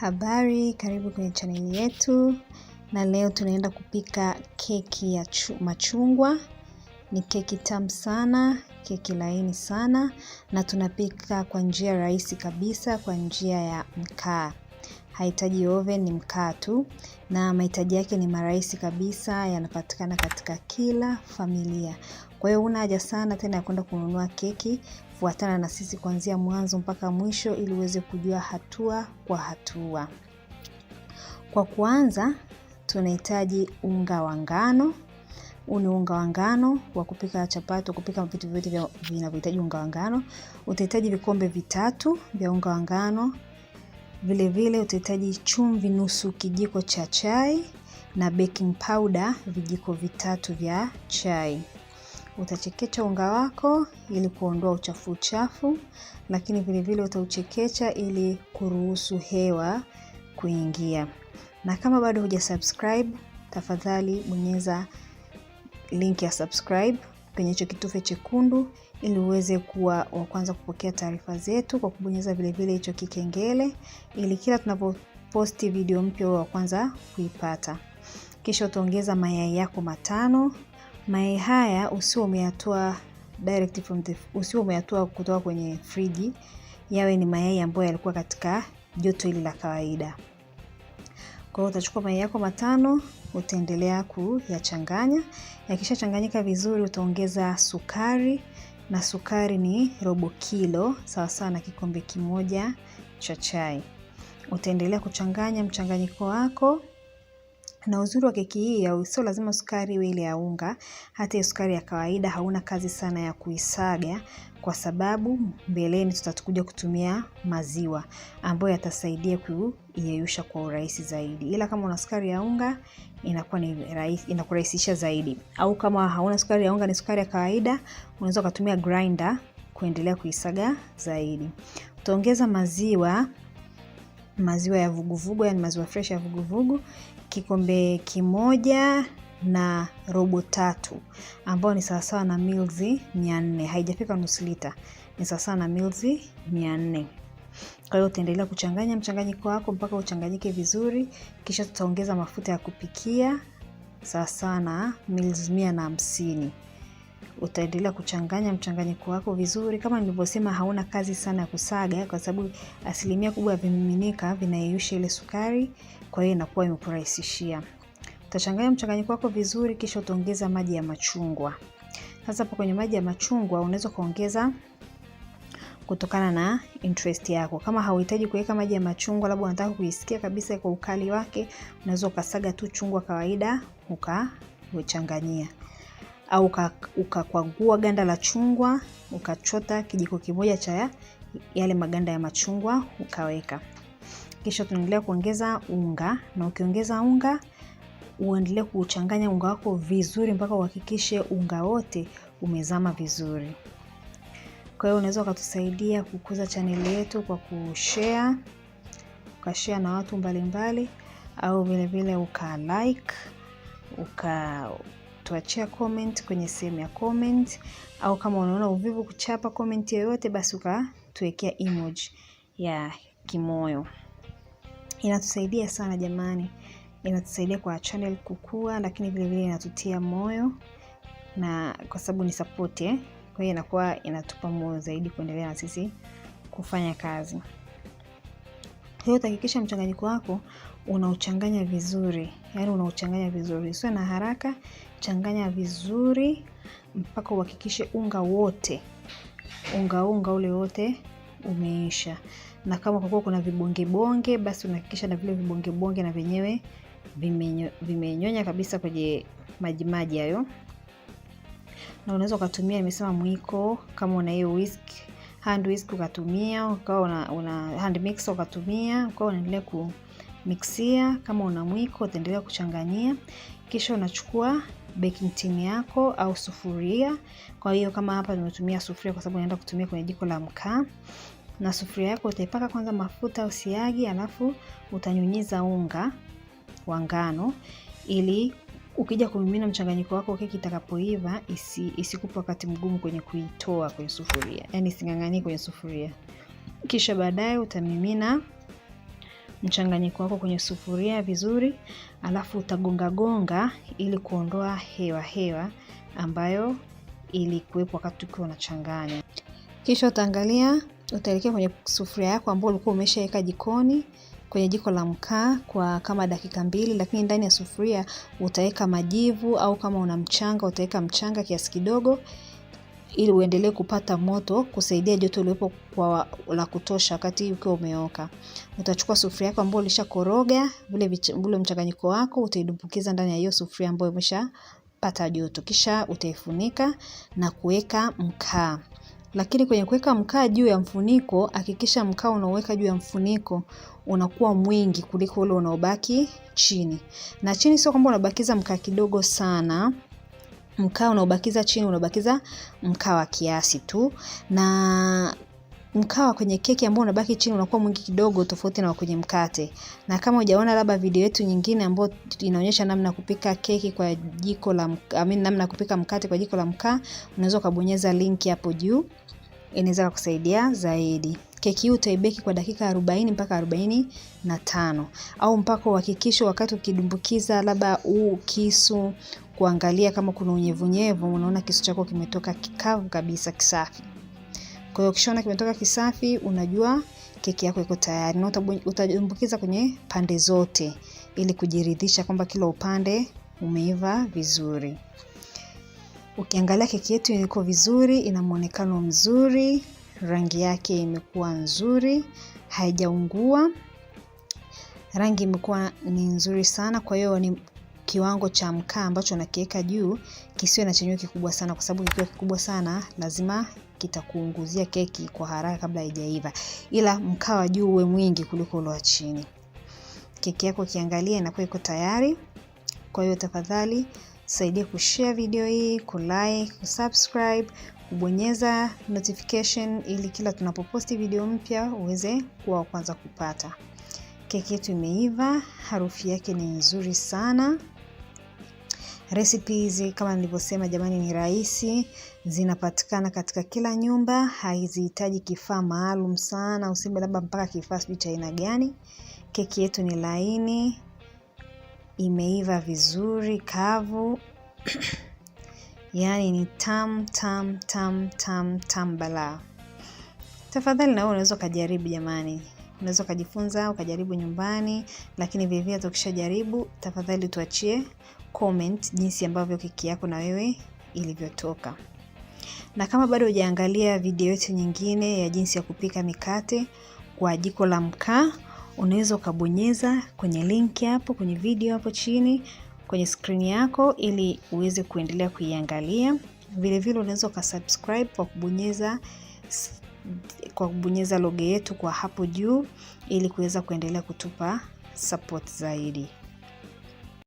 Habari, karibu kwenye chaneli yetu, na leo tunaenda kupika keki ya machungwa. Ni keki tamu sana, keki laini sana, na tunapika kwa njia rahisi kabisa, kwa njia ya mkaa. Haitaji oven, ni mkaa tu, na mahitaji yake ni marahisi kabisa, yanapatikana katika kila familia. Kwa hiyo una haja sana tena ya kwenda kununua keki. Fuatana na sisi kuanzia mwanzo mpaka mwisho ili uweze kujua hatua kwa hatua. Kwa kwanza tunahitaji unga wa ngano. Uni unga wa ngano wa kupika chapati, kupika vitu vyote vinavyohitaji unga wa ngano. Utahitaji vikombe vitatu vya unga wa ngano. Vile vile utahitaji chumvi nusu kijiko cha chai na baking powder vijiko vitatu vya chai. Utachekecha unga wako ili kuondoa uchafu uchafu, lakini vilevile utauchekecha ili kuruhusu hewa kuingia. Na kama bado huja subscribe, tafadhali bonyeza link ya subscribe kwenye hicho kitufe chekundu ili uweze kuwa wa kwanza kupokea taarifa zetu kwa kubonyeza vilevile hicho kikengele ili kila tunapoposti video mpya wa kwanza kuipata. Kisha utaongeza mayai yako matano Mayai haya usiwe umeyatoa direct from the usiwe umeyatoa kutoka kwenye friji, yawe ni mayai ambayo yalikuwa katika joto hili la kawaida. Kwa hiyo utachukua mayai yako matano, utaendelea kuyachanganya. Yakishachanganyika vizuri, utaongeza sukari na sukari ni robo kilo, sawasawa na kikombe kimoja cha chai. Utaendelea kuchanganya mchanganyiko wako na uzuri wa keki hii ya sio lazima sukari iwe ile ya unga, hata hiyo sukari ya kawaida hauna kazi sana ya kuisaga kwa sababu mbeleni tutakuja kutumia maziwa ambayo yatasaidia kuiyeyusha kwa urahisi zaidi. Ila kama una sukari ya unga inakuwa ni rahisi, inakurahisisha zaidi. Au kama hauna sukari ya unga, ni sukari ya kawaida, unaweza ukatumia grinder kuendelea kuisaga zaidi. Utaongeza maziwa maziwa ya vuguvugu, yani maziwa fresh ya vuguvugu kikombe kimoja na robo tatu, ambayo ni sawasawa na milzi mia nne. Haijafika nusu lita, ni sawasawa na milzi mia nne. Kwa hiyo utaendelea kuchanganya mchanganyiko wako mpaka uchanganyike vizuri, kisha tutaongeza mafuta ya kupikia sawasawa na milzi mia na hamsini utaendelea kuchanganya mchanganyiko wako vizuri. Kama nilivyosema, hauna kazi sana ya kusaga, kwa sababu asilimia kubwa ya vimiminika vinayeyusha ile sukari, kwa hiyo inakuwa imekurahisishia. Utachanganya mchanganyiko wako vizuri, kisha utaongeza maji ya machungwa. Sasa hapo kwenye maji ya machungwa unaweza kuongeza kutokana na interest yako. Kama hauhitaji kuweka maji ya machungwa, labda unataka kuisikia kabisa kwa ukali wake, unaweza ukasaga tu chungwa kawaida ukachanganyia au ukakwagua ganda la chungwa ukachota kijiko kimoja cha yale maganda ya machungwa ukaweka. Kisha tunaendelea kuongeza unga, na ukiongeza unga uendelee kuchanganya unga wako vizuri mpaka uhakikishe unga wote umezama vizuri. Kwa hiyo unaweza ukatusaidia kukuza chaneli yetu kwa kushare, ukashare na watu mbalimbali mbali, au vilevile uka like uka kutuachia comment kwenye sehemu ya comment, au kama unaona uvivu kuchapa comment yoyote, basi ukatuwekea emoji ya kimoyo. Inatusaidia sana jamani, inatusaidia kwa channel kukua, lakini vilevile inatutia moyo na kwa sababu ni support eh, kwa hiyo inakuwa inatupa moyo zaidi kuendelea na sisi kufanya kazi. Kwa hiyo utahakikisha mchanganyiko wako unauchanganya vizuri, yaani unauchanganya vizuri, sio na haraka. Changanya vizuri mpaka uhakikishe unga wote unga unga ule wote umeisha, na kama kwa kuwa kuna vibongebonge, basi unahakikisha na vile vibongebonge na vyenyewe vimenyonya kabisa kwenye majimaji hayo, na unaweza ukatumia, imesema mwiko, kama una hiyo whisk hand whisk ukatumia, ukawa una, una hand mixer ukatumia, ukawa unaendelea ku mixia Kama una mwiko utaendelea kuchanganyia, kisha unachukua baking tin yako au sufuria. Kwa hiyo kama hapa nimetumia sufuria kwa sababu naenda kutumia kwenye jiko la mkaa. Na sufuria yako utaipaka kwanza mafuta au siagi, alafu utanyunyiza unga wa ngano ili ukija kumimina mchanganyiko wako keki itakapoiva isi, wakati mgumu kwenye kuitoa kwenye sufuria, yani ising'ang'anie kwenye sufuria. Kisha baadaye utamimina mchanganyiko wako kwenye sufuria vizuri, alafu utagonga gonga ili kuondoa hewa hewa ambayo ilikuwepo wakati ukiwa unachanganya. Kisha utaangalia, utaelekea kwenye sufuria yako ambayo ulikuwa umeshaweka jikoni kwenye jiko la mkaa kwa kama dakika mbili, lakini ndani ya sufuria utaweka majivu au kama una mchanga utaweka mchanga kiasi kidogo ili uendelee kupata moto kusaidia joto liwepo kwa la kutosha wakati ukiwa umeoka. Utachukua sufuria yako ambayo ulishakoroga vile ule mchanganyiko wako, utaidumbukiza ndani ya hiyo sufuria ambayo imeshapata joto, kisha utaifunika na kuweka mkaa. Lakini kwenye kuweka mkaa juu ya mfuniko, hakikisha mkaa unaoweka juu ya mfuniko unakuwa mwingi kuliko ule unaobaki chini, na chini sio kwamba unabakiza mkaa kidogo sana mkaa unaobakiza chini unabakiza mkaa wa kiasi tu, na mkaa kwenye keki ambao unabaki chini unakuwa mwingi kidogo, tofauti na kwenye mkate. Na kama hujaona labda video yetu nyingine ambayo inaonyesha namna kupika keki kwa jiko la I mean, namna kupika mkate kwa jiko la mkaa, unaweza ukabonyeza link hapo juu, inaweza kukusaidia zaidi. Keki hii utaibeki kwa dakika 40 mpaka 45 au mpaka uhakikisho wakati ukidumbukiza labda u kisu kuangalia kama kuna unyevunyevu, unaona kisu chako kimetoka kikavu kabisa kisafi. Kwa hiyo ukishaona kimetoka kisafi, unajua keki yako iko tayari, na utadumbukiza kwenye pande zote ili kujiridhisha kwamba kila upande umeiva vizuri. Ukiangalia keki yetu iko vizuri, ina muonekano mzuri, rangi yake imekuwa nzuri, haijaungua, rangi imekuwa ni nzuri sana. Kwa hiyo ni kiwango cha mkaa ambacho nakiweka juu kisiwe na chenyewe kikubwa sana, kwa sababu kikiwa kikubwa sana lazima kitakuunguzia keki kwa haraka kabla haijaiva, ila mkaa wa juu uwe mwingi kuliko ule wa chini. Keki yako ukiangalia inakuwa iko tayari. Kwa hiyo tafadhali saidia kushare video hii, kulike, kusubscribe, kubonyeza notification ili kila tunapoposti video mpya uweze kuwa wa kwanza kupata. Keki yetu imeiva, harufu yake ni nzuri sana. Resipi hizi kama nilivyosema, jamani, ni rahisi, zinapatikana katika kila nyumba, haizihitaji kifaa maalum sana, usimbe labda mpaka kifaa sijui cha aina gani. Keki yetu ni laini, imeiva vizuri, kavu yaani ni tam tam tam tam tam bala. Tafadhali na wewe unaweza ukajaribu jamani, unaweza ukajifunza ukajaribu nyumbani, lakini vilevile tukishajaribu, tafadhali tuachie comment jinsi ambavyo keki yako na wewe ilivyotoka. Na kama bado hujaangalia video yetu nyingine ya jinsi ya kupika mikate kwa jiko la mkaa, unaweza ukabonyeza kwenye linki hapo kwenye video hapo chini kwenye skrini yako ili uweze kuendelea kuiangalia. Vilevile unaweza ukasubscribe kwa kubonyeza kwa kubonyeza logo yetu kwa hapo juu ili kuweza kuendelea kutupa support zaidi.